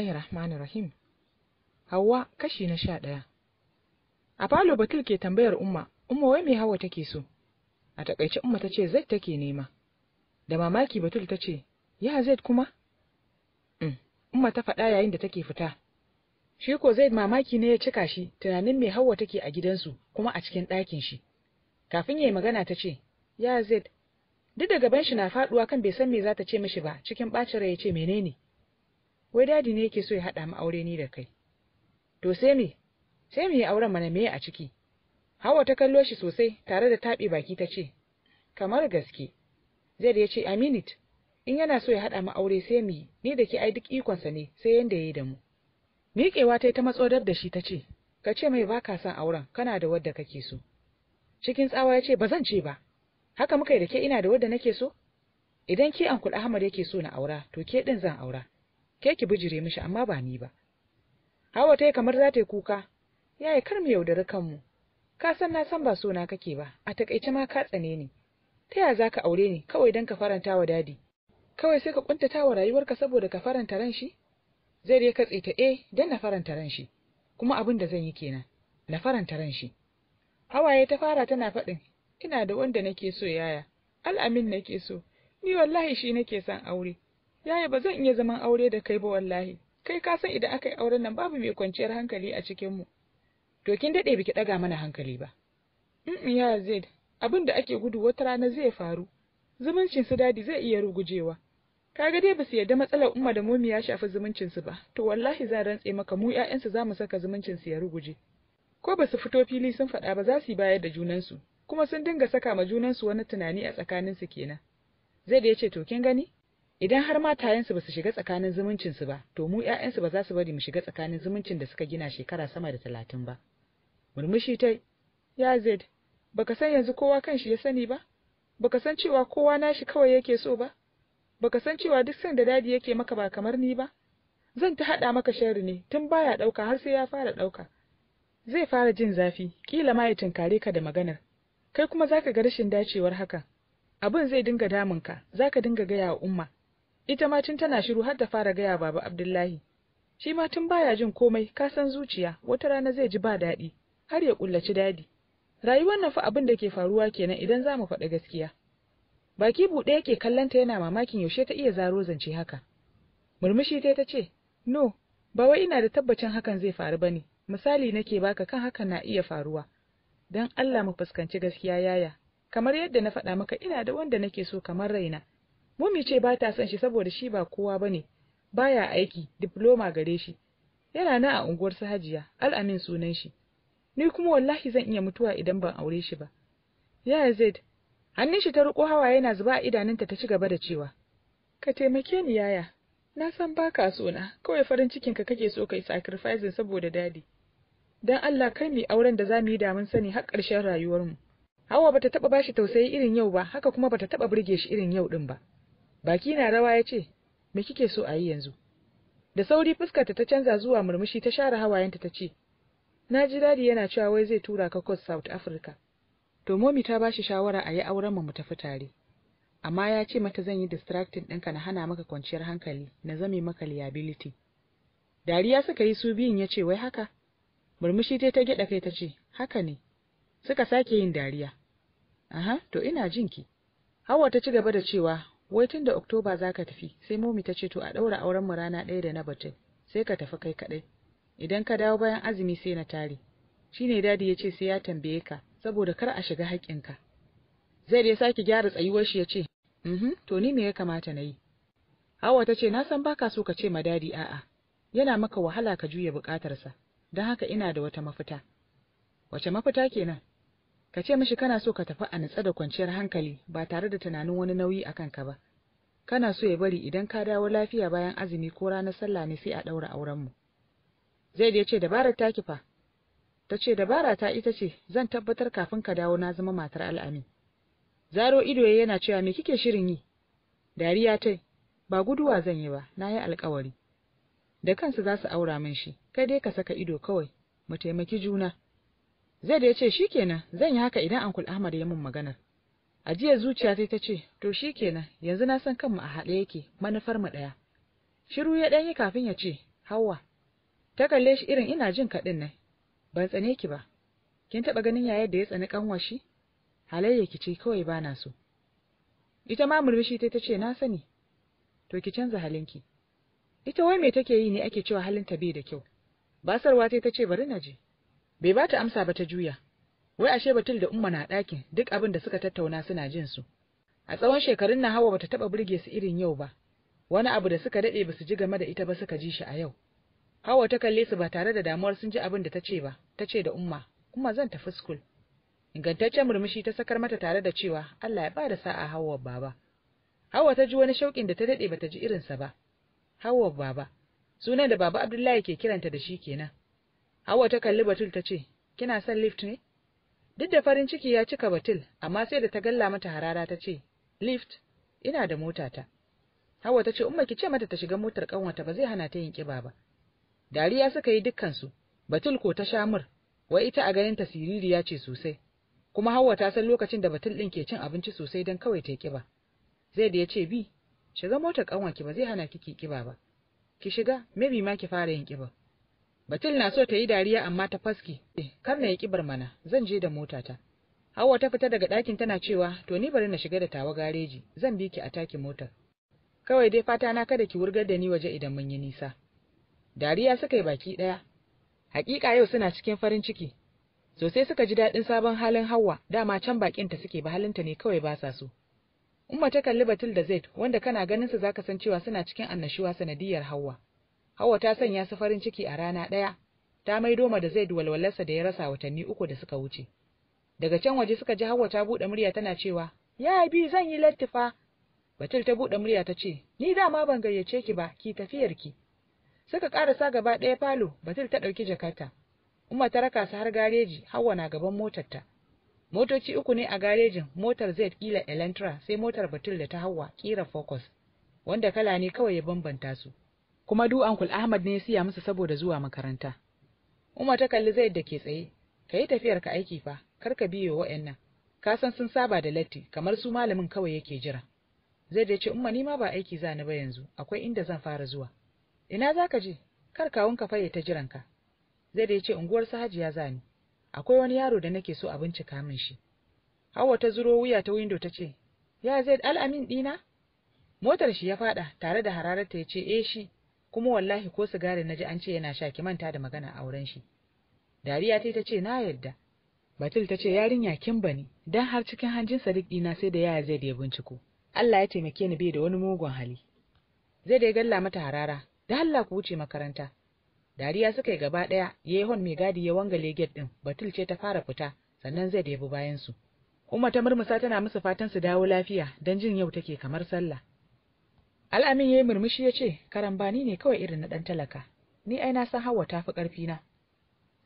Bismillahir Rahmanir Rahim. Hawwa kashi na sha ɗaya. A falo Batul ke tambayar Umma, Umma wai me hawa take so? A takaice Umma ta ce Zaid take nema. Da mamaki Batul ta ce, Ya Zaid kuma? Mm. Umma ta faɗa yayin da take fita. Shi ko Zaid mamaki ne ya cika shi tunanin me hawa take a gidansu kuma a cikin ɗakin shi. Kafin ya yi magana ta ce, Ya Zaid, duk da gaban shi na faɗuwa kan bai san me za ta ce mishi ba cikin ɓacin rai ya ce menene? wai dadi ne yake so ya haɗa mu aure ni da kai to sai me sai me auren mana me a ciki hawa ta kallo shi sosai tare da taɓe baki ta ce kamar gaske zai ya ce aminit in yana so ya haɗa mu aure sai me ni da ke ai duk ikonsa ne sai yanda ya yi da mu miƙewa ta yi ta dab da shi ta ce ka ce mai baka son auren kana da wadda kake so cikin tsawa ya ce ba zan ce ba haka muka yi da ke ina da wadda nake so idan ke ankul ahmad yake so na aura to ke ɗin zan aura ke ki bijire mishi amma ba ni ba hawa ta kamar za ta yi kuka yaya kar mu yaudari kanmu ka san na san ba so na kake ba a takaice ma ka tsane ni ta yaya za ka aure ni kawai don ka faranta wa dadi kawai sai ka kuntata wa rayuwarka saboda ka faranta ran shi zai dai katse ta eh don na faranta ran shi kuma abin da zan yi kenan na faranta ran shi hawaye ta fara tana faɗin ina da wanda nake so yaya al'amin nake so ni wallahi shi nake son aure yaya ba zan iya zaman aure da kai ba wallahi kai ka san idan aka yi auren nan babu mai kwanciyar hankali a cikin mu to kin dade biki daga mana hankali ba in ya zaid abin da ake gudu wata rana zai faru zumuncin su dadi zai iya rugujewa kaga dai ba su yarda matsalar umma da momi ya shafi zumuncin su ba to wallahi za rantse maka mu ƴaƴansu za mu saka zumuncin su ya ruguje ko ba su fito fili sun faɗa ba za su bayar da junan su kuma sun dinga saka ma junan su wani tunani a tsakanin su kenan zai da ce to kin gani idan har matayensu ba su shiga tsakanin zumuncinsu ba to mu 'ya'yansu ba za su bari mu shiga tsakanin zumuncin da suka gina shekara sama da talatin ba murmushi ta ya Ba baka san yanzu kowa kan shi ya sani ba baka san cewa kowa na shi kawai yake so ba baka san cewa duk san da dadi yake maka ba kamar ni ba zan ta haɗa maka sharri ne tun baya ɗauka har sai ya fara ɗauka zai fara jin zafi kila ma ya tunkare ka da maganar kai kuma zaka ga rashin dacewar haka abin zai dinga damunka ka dinga gaya wa umma ita ma tun tana shiru har ta fara gaya baba Abdullahi shi ma tun baya jin komai ka san zuciya wata rana zai ji ba daɗi har ya kullaci dadi rayuwar nan fa abin da ke faruwa kenan idan zamu mu faɗi gaskiya baki buɗe yake kallanta yana mamakin yaushe ta iya zaro zance haka murmushi ta ta ce no ba wai ina da tabbacin hakan zai faru ba ne misali nake baka kan hakan na iya faruwa don Allah mu fuskanci gaskiya yaya kamar yadda na faɗa maka ina da wanda nake so kamar raina Mummy ce ba ta son shi saboda shi ba kowa ba ne, baya aiki, diploma gare shi. Yana nan a unguwar su Hajiya, Al'amin sunan shi. Ni kuma wallahi zan iya mutuwa idan ban aure shi ba. Yaya Zaid, hannun shi ta riko hawa yana zuba a idanunta ta ci gaba da cewa, Ka taimake ni yaya, na san ba ka so na, kawai farin cikin ka kake so kai sacrificing saboda dadi. Dan Allah kai mi auren da za mu yi da mun sani har ƙarshen mu Hawa bata taɓa bashi tausayi irin yau ba, haka kuma bata taɓa burge shi irin yau ɗin ba. baki na rawa ya ce me kike so a yi yanzu da sauri fuskarta ta canza zuwa murmushi ta share hawayenta ta ce na ji dadi yana cewa wai zai tura ka kos south africa to momi ta bashi shawara a yi auren mu tafi tare amma ya ce mata zan yi distracting ɗinka na hana maka kwanciyar hankali na zame maka liability dariya suka yi su biyun ya ce wai haka murmushi dai ta gyaɗa kai ta ce haka ne suka sake yin dariya aha to ina jinki hawa ta ci gaba da cewa wai tun da oktoba za ka tafi sai momi ta ce to a ɗaura auren mu rana ɗaya da na batun sai ka tafi kai kaɗai idan ka dawo bayan azumi sai na tare ne dadi ya ce sai ya tambaye ka saboda kar a shiga haƙƙinka zai ya sake gyara tsayuwar shi ya ce mhm to ni me ya kamata na yi hawa ta ce na san baka so ka ce ma dadi a'a yana maka wahala ka juya buƙatarsa don haka ina da wata mafita wace mafita kenan ka ce mishi kana so ka tafi a natsa da kwanciyar hankali ba tare da tunanin wani nauyi a kanka ba kana so ya bari idan ka dawo lafiya bayan azumi ko ranar sallah ne sai a ɗaura aurenmu zai ya ce dabarar ta kifa ta ce dabara ta ita ce zan tabbatar kafin ka dawo na zama matar al'amin zaro ido ya yana cewa me kike shirin yi dariya ta ba guduwa zan yi ba na yi alkawari da kansu za su aura min shi kai dai ka saka ido kawai mu taimaki juna zai da ya ce shi kenan zan yi haka idan ankul ahmad ya min maganar ajiyar zuciya ta ce to shi kenan yanzu na san kanmu a haɗe yake manufar mu ɗaya shiru ya ɗanyi kafin ya ce hawa ta kalle shi irin ina jin kaɗin nan ban tsane ki ba kin taɓa ganin ya da ya tsani ƙanwar shi halayya ki ce kawai ba na so ita ma murmushi ta ce na sani to ki canza halinki ita wai me take yi ne ake cewa halin ta bai da kyau basarwa ta ce bari na je bai ba ta amsa ba ta juya wai ashe batul da umma na ɗakin duk abin da suka tattauna suna jin su a tsawon shekarun na hawa bata taɓa burge su irin yau ba wani abu da suka daɗe ba su ji game da ita ba suka ji shi a yau hawa ta kalle su ba tare da damuwar sun ji abin da ta ce ba ta ce da umma kuma zan tafi skul ingantaccen murmushi ta sakar mata tare da cewa Allah ya bada sa'a hawa baba hawa ta ji wani shauƙin da ta daɗe bata ji irinsa ba hawa baba sunan da baba abdullahi ke kiranta da shi kenan Hauwa ta kalli Batul ta ce, "Kina son lift ne?" Duk da farin ciki ya cika Batul, amma sai da ta galla mata harara ta ce, "Lift, ina da motata." Hauwa ta ce, "Umma ki ce mata ta shiga motar kanwata ba zai hana ta yin ƙiba ba." Dariya suka yi dukkansu, Batul ko ta sha mur, wai ita a ganin ta siririya ce sosai. Kuma Hauwa ta san lokacin da Batul ɗin ke cin abinci sosai don kawai ta yi kiba. Zai da ya ce, "Bi, shiga motar ki ba zai hana ki kiba ba." Ki shiga, maybe ma ki fara yin ƙiba." Batul na so ta yi dariya amma ta faske. Eh, kar na yi kibar mana, zan je da motata. Hauwa ta fita daga ɗakin tana cewa, to ni bari na shiga da tawa gareji, zan bi ki a takin motar. Kawai dai fata na kada ki wurgar da ni waje idan mun yi nisa. Dariya suka yi baki ɗaya. Hakika yau suna cikin farin ciki. Sosai suka ji daɗin sabon halin Hauwa, dama can bakin ta suke ba halinta ne kawai ba sa so. Umma ta kalli Batul da Zaid, wanda kana ganin su zaka san cewa suna cikin annashuwa sanadiyar Hauwa. Hauwa ta sanya su farin ciki a rana ɗaya, ta maido ma da zai walwalarsa da ya rasa watanni uku da suka wuce. Daga can waje suka ji Hauwa ta buɗe murya tana cewa, "Ya bi zan yi lattifa." Batul ta buɗe murya ta ce, "Ni dama ban gayyace ki ba, ki tafiyar ki.' Suka ƙarasa gaba ɗaya falo, Batul ta ɗauki jakarta. Umma ta raka su har gareji, Hauwa na gaban motarta. Motoci uku ne a garejin, motar zai kila Elantra, sai motar Batul da ta Hauwa ƙira Focus, wanda kala ne kawai ya bambanta su. kuma du ankul Ahmad ne ya siya musu saboda zuwa makaranta. Umar ta kalli Zaid da ke tsaye, ka yi tafiyar ka aiki fa, kar ka biyo wa'annan. Ka san sun saba da latti, kamar su malamin kawai yake jira. Zaid ya ce, Umma ni ma ba aiki za ni ba yanzu, akwai inda zan fara zuwa. Ina za ka je? Kar kawun ka faye ta jiranka. Zaid ya ce, unguwar sa Hajiya za Akwai wani yaro da nake so a bincika min shi. Hawwa ta zuro wuya ta windo ta ce, Ya Zaid, al'amin ɗina? Motar shi ya faɗa tare da hararta ya ce, E shi, kuma wallahi ko sigari na ji an ce yana sha ki manta da magana auren shi dariya ta ta ce na yarda batul ta ce yarinya kin ne, dan har cikin hanjin sadiq dina sai da yaya zai da binciko Allah ya taimake ni bai da wani mugun hali zai da galla mata harara da Allah ku wuce makaranta dariya suka yi gaba daya hon mai gadi ya wangale gate din batul ce ta fara fita sannan zai da bayan su Umma ta murmusa tana musu fatan su dawo lafiya dan jin yau take kamar sallah. Al'amin ya yi murmushi ya ce, Karambani ne kawai irin na ɗan talaka, ni ai na san hawa tafi ƙarfi na.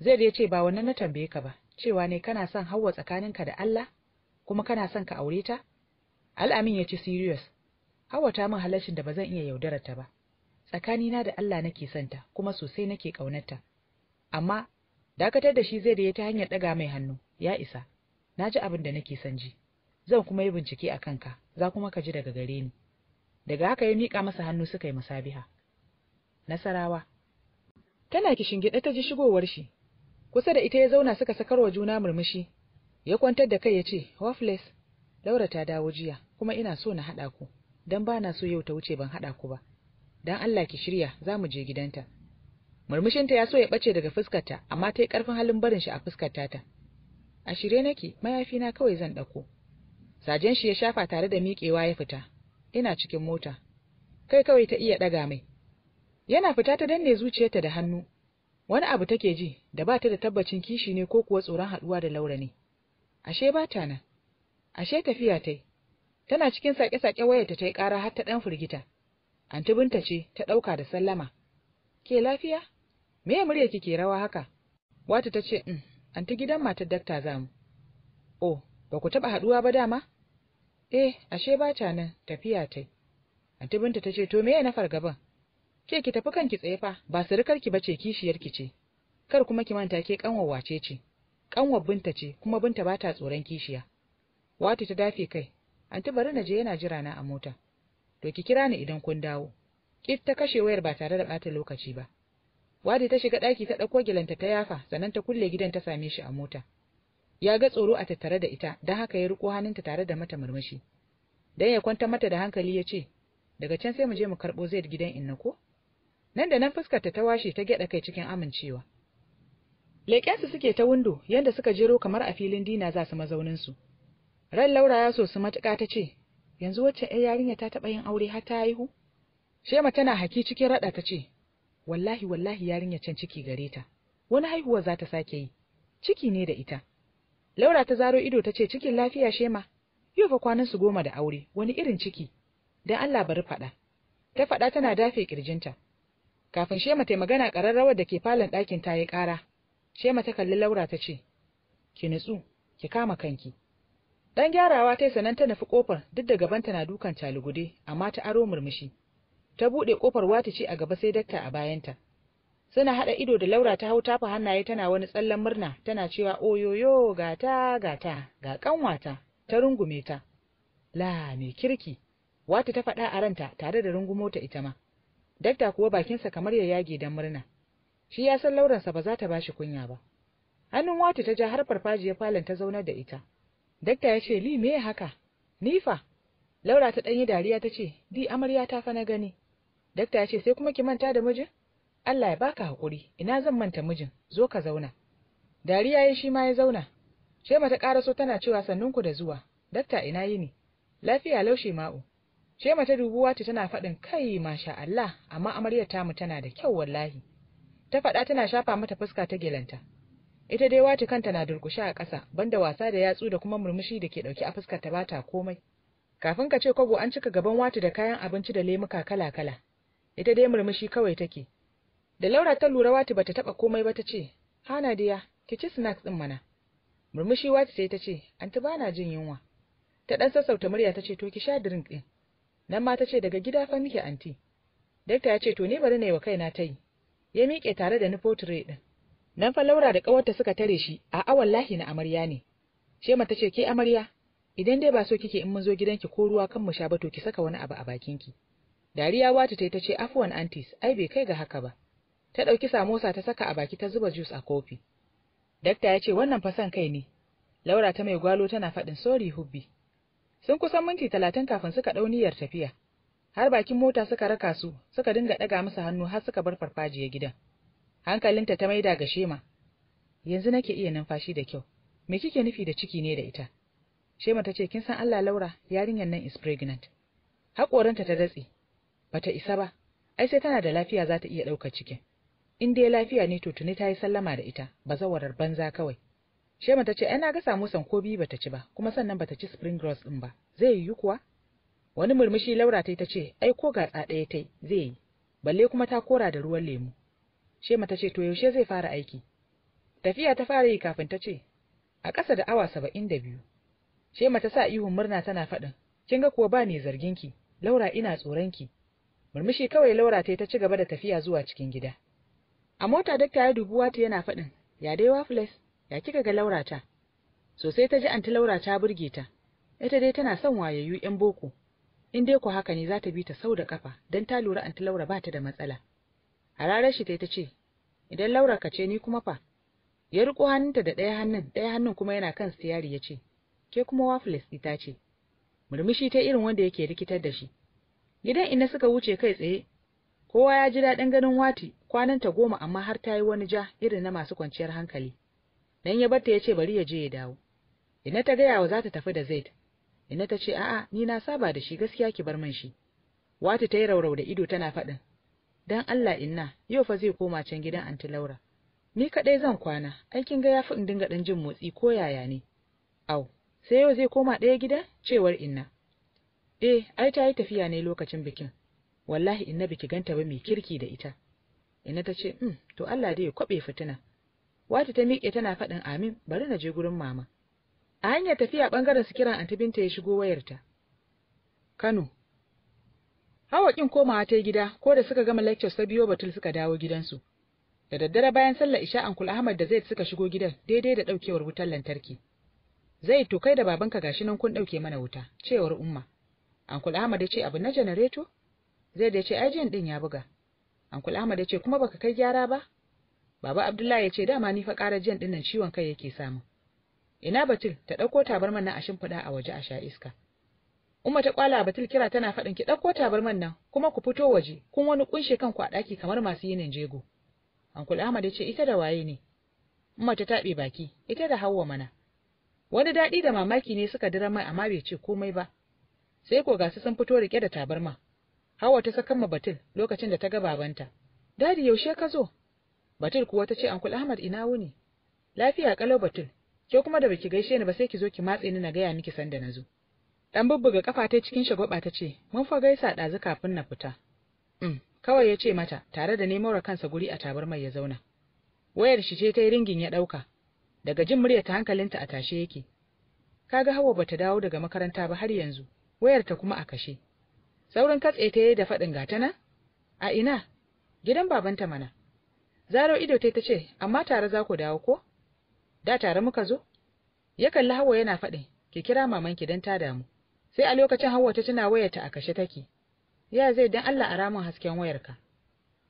Zai da ya ce ba wannan na tambaye ka ba, cewa ne kana son hawa ka da Allah, kuma kana son ka aure ta? Al'amin ya ce serious, hawa ta min halaccin da ba zan iya yaudarar ta ba. na da Allah nake ta, kuma sosai nake ƙaunarta. Amma, dakatar da shi zai da ya ta hanyar ɗaga mai hannu, ya isa, na ji abin da nake son ji. Zan kuma yi bincike a kanka, za kuma ka ji daga gare ni. daga haka ya miƙa masa hannu suka yi musabiha nasarawa tana kishingiɗe ta ji shigowar shi kusa da ita ya zauna suka sakar wa juna murmushi ya kwantar da kai ya ce wafles laura ta dawo jiya kuma ina so na haɗa ku don ba na so yau ta wuce ban haɗa ku ba don allah ki shirya za mu je gidanta murmushinta ya so ya ɓace daga fuskarta amma ta yi ƙarfin halin barin shi a fuskar tata a shirye nake mayafina kawai zan ɗauko sajen shi ya shafa tare da miƙewa ya fita ina cikin mota kai kawai ta iya ɗaga mai yana fita ta danne zuciyarta da hannu wani abu take ji da ba ta da tabbacin kishi ne ko kuwa tsoron haɗuwa da laura ne ashe ba ta nan ashe tafiya ta yi tana cikin saƙe-saƙe wayarta ta yi ƙara har ta ɗan firgita anti binta ce ta ɗauka da sallama ke lafiya me ya murya kike rawa haka wata ta ce in mm, anti gidan matar dakta za mu oh ba ku taɓa haɗuwa ba dama eh ashe ba ta nan tafiya ta yi anti binta ta ce to me na fargaban ke ki tafi kanki tsaye fa ba surukarki ba ce kishiyarki ce kar kuma ki manta ke kanwar wace ce kanwar binta ce kuma binta ba ta tsoron kishiya wata ta dafe kai anti bari na je yana jira na a mota to ki kira ni idan kun dawo kit ta kashe wayar ba tare da bata lokaci ba wadi ta shiga daki ta ɗauko gilanta ta yafa sannan ta kulle gidan ta same shi a mota ya ga tsoro a tattare da ita don haka ya riko hannunta tare da mata murmushi dan ya kwanta mata da hankali ya ce daga can sai mu je mu karɓo zai gidan inna ko nan da nan fuskar ta washe ta gyada kai cikin amincewa leƙensu suke ta windo yadda suka jero kamar a filin dina za su mazauninsu ran laura ya so su matuƙa ta ce yanzu wacce ‘yar yarinya ta taɓa yin aure har ta haihu? Shema tana haki cikin raɗa ta ce, Wallahi, wallahi yarinya can ciki gare ta, wani haihuwa za ta sake yi, ciki ne da ita. Laura ta zaro ido ta ce cikin lafiya shema. Yau fa kwanan su goma da aure, wani irin ciki. Don Allah bari faɗa. Ta faɗa tana dafe ƙirjinta. Kafin Shema ta magana ƙararrawar da ke falon ɗakin ta yi ƙara. Shema ta kalli Laura ta ce, "Ki nutsu, ki kama kanki." Ɗan gyarawa ta yi sanan ta nufi ƙofar duk da gabanta na dukan talugude, amma ta aro murmushi. Ta buɗe ƙofar wata ce a gaba sai dakta a bayanta. suna haɗa ido da laura ta hau tafa hannaye tana wani tsallen murna tana cewa oyoyo gata gata ga kanwata ta rungume ta la mai kirki wata ta faɗa a ranta tare da rungumo ta ita ma dakta kuwa bakinsa kamar ya yage dan murna shi ya san lauransa ba za ta bashi kunya ba hannun wata ta ja har farfajiya falon ta zauna da ita dakta ya ce li me haka nifa laura ta danyi dariya ta ce di amarya ta fa na gani dakta ya ce sai kuma ki manta da mijin Allah ya baka hakuri ina zan manta mijin zo ka zauna dariya ya shi ma ya zauna shema ta karaso tana cewa sannunku da zuwa dakta ina yini lafiya laushe ma'u shema mata dubuwa ta tana faɗin kai masha Allah amma amaryar mu tana da kyau wallahi ta faɗa tana shafa mata fuska ta gelanta ita dai wata kanta na durkushe a ƙasa banda wasa da yatsu da kuma murmushi da ke ɗauke a fuskar ta bata komai kafin ka ce kwabo an cika gaban wata da kayan abinci da lemuka kala-kala ita dai murmushi kawai take da laura ta lura wati bata taba komai ba ta ce hana diya ki ci snacks din mana murmushi wati sai ta ce anti bana jin yunwa ta dan sassauta murya ta ce to ki sha drink din nan ma ta ce daga gida fa muke anti dakta ya ce to ne bari na yi wa kaina ta yi ya miƙe tare da nufo tray din nan fa laura da ƙawarta suka tare shi a wallahi wallahi na amarya ne shema ta ce ke amarya idan dai ba so kike in mun zo gidanki ko ruwa kan mu sha ba to ki saka wani abu a bakinki dariya wata ta yi ta ce afuwan antis ai bai kai ga haka ba ta ɗauki samosa ta saka a baki ta zuba jus a kofi dakta ya ce wannan fasan kai ne laura ta mai gwalo tana faɗin sori hubbi sun kusan minti talatin kafin suka ɗau niyyar tafiya har bakin mota suka raka su suka dinga ɗaga musu hannu har suka bar farfajiyar gidan hankalinta ta maida ga shema yanzu nake iya numfashi da kyau me kike nufi da ciki ne da ita shema ta ce kin san allah laura yarinyar nan is pregnant haƙoranta ta datse bata isa ba ai sai tana da lafiya za ta iya ɗaukar cikin in dai lafiya ne to tuni ta yi sallama da ita ba zawarar banza kawai shema ta ce ai na ga samusan ko biyu ta ci ba kuma sannan bata ci spring rolls din ba zai yi kuwa wani murmushi laura ta ta ce ai ko ga gatsa ɗaya ta zai yi balle kuma ta kora da ruwan lemu shema ta ce to yaushe zai fara aiki tafiya ta fara yi kafin ta ce a ƙasa da awa saba'in da biyu shema ta sa ihun murna tana faɗin kin ga kuwa ba ne ki? laura ina tsoronki murmushi kawai laura ta ta ci gaba da tafiya zuwa cikin gida a mota dakta ya dubu wata yana faɗin ya dai wafiles ya kika ga Laura ta?" sosai ta ji anti laura ta burge ta ita dai tana son wayayyu yan boko in dai ku haka ne za ta bi ta sau da kafa don ta lura anti laura ba ta da matsala hararar shi ta ce idan laura ka ce ni kuma fa ya riko hannunta da ɗaya hannun ɗaya hannun kuma yana kan siyari ya ce ke kuma wafiles ita ce murmushi ta irin wanda yake rikitar da shi gidan ina suka wuce kai tsaye kowa ya ji daɗin ganin wati kwananta goma amma har ta yi wani ja irin na masu kwanciyar hankali nan ya barta ya ce bari ya je ya dawo ina ta gaya wa za ta tafi da zaid ina ta ce a'a ni na saba da shi gaskiya ki bar man shi wata ta yi raurau da ido tana faɗin dan allah inna yau fa zai koma can gidan anti laura ni kaɗai zan kwana aikin ga ya fi in dinga ɗan jin motsi ko yaya ne au sai yau zai koma ɗaya gida cewar inna eh ai ta yi tafiya ne lokacin bikin wallahi inna biki ganta ba mai kirki da ita ina ta ce um to Allah dai ya kwabe fitina wata ta miƙe tana faɗin amin bari na je gurin mama a hanyar tafiya ɓangaren su kira anti binta ya shigo wayarta Kano Hawa kin komawa ta gida ko da suka gama lectures ta biyo batul suka dawo gidansu da daddare bayan sallar isha ankul Ahmad da Zaid suka shigo gidan daidai da ɗaukewar wutar lantarki Zaid to kai da babanka gashi nan kun ɗauke mana wuta cewar umma Ankul Ahmad ya ce abu na janareto Zaid ya ce ai din ya buga Ankul Ahmad ya ce kuma baka kai gyara ba? Baba Abdullahi ya ce dama ni fa ƙara jiyan dinnan ciwon kai yake samu. Ina Batul ta ɗauko tabarman nan a shimfiɗa a waje a sha iska. Umma ta kwala Batul kira tana faɗin ki ɗauko tabarman nan kuma ku fito waje kun wani kunshe kanku a ɗaki kamar masu yinin jego. Ankul Ahmad ya ce ita da waye ne? Umma ta taɓe baki ita da Hauwa mana. Wani daɗi da mamaki ne suka dira mai amma bai ce komai ba. Sai ko gasu sun fito rike da tabarma Hawa ta sakan ma Batul lokacin da ta ga babanta. Dadi yaushe ka zo? Batul kuwa ta ce Ankul Ahmad ina wuni? Lafiya kalau Batul. Ke kuma da baki gaishe ni ba sai ki zo ki matse ni na gaya miki sanda na zo. Dan bubbuga kafa ta cikin shagwaba ta ce, "Mun fa gaisa ɗazu kafin na fita." Um. kawai ya ce mata tare da nemo kansa guri a tabar mai ya zauna. Wayar shi ce ta yi ringin ya ɗauka. Daga jin murya ta hankalinta a tashe yake. Kaga Hawa bata dawo daga makaranta ba har yanzu, wayar ta kuma a kashe. saurin katse ta yi da faɗin nan? a ina gidan babanta mana zaro ido ta ce amma tare za ku dawo ko da tare muka zo ya kalli hawa yana faɗin ki kira mamanki don ta damu sai a lokacin hawa ta tuna wayarta a kashe take ya zai dan Allah a ramin hasken wayarka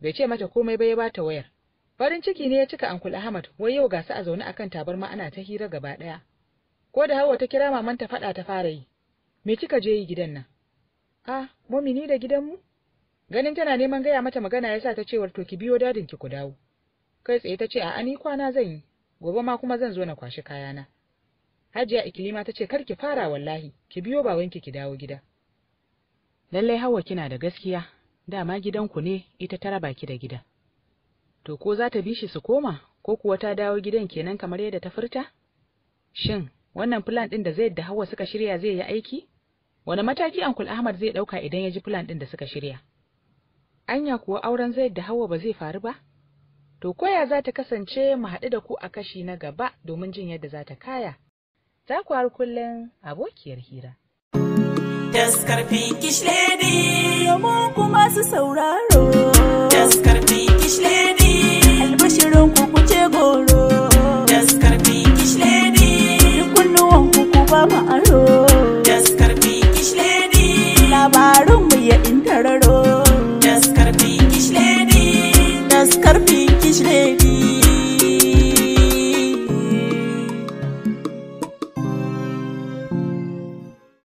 bai ce mata komai ba ya bata wayar farin ciki ne ya cika ankul Ahmad wai yau ga su a zaune akan tabarma ana ta hira gaba ɗaya. ko da hawa ta kira maman ta faɗa ta fara yi me kika je yi gidan nan a ah. momi ni da gidanmu ganin tana neman gaya mata magana yasa ta cewar to ki biyo dadin ki ku dawo kai tsaye ta ce a'a ni kwana zan yi gobe ma kuma zan zo na kwashi kayana hajiya ikilima ta ce kar ki fara wallahi ki biyo bawanki ki dawo gida lallai hawa kina da gaskiya dama gidanku ne ita ta raba ki da gida to ko za ta bi shi su koma ko kuwa ta dawo gidan kenan kamar yadda ta furta shin wannan plan ɗin da zai da hawa suka shirya zai yi aiki wani mataki Ankul Ahmad zai dauka idan ya ji plan din da suka shirya anya kuwa auren Zaid da Hauwa ba zai faru ba to koya za ta kasance mu haɗu da ku a kashi na gaba domin jin yadda za ta kaya za ku har kullum abokiyar hira Daskar Pinkish Lady Mu kuma su sauraro Daskar Pinkish Lady Albashirin ku kuce goro Daskar Pinkish Lady Kunnuwan wanku ku ba mu aro mu ya intararo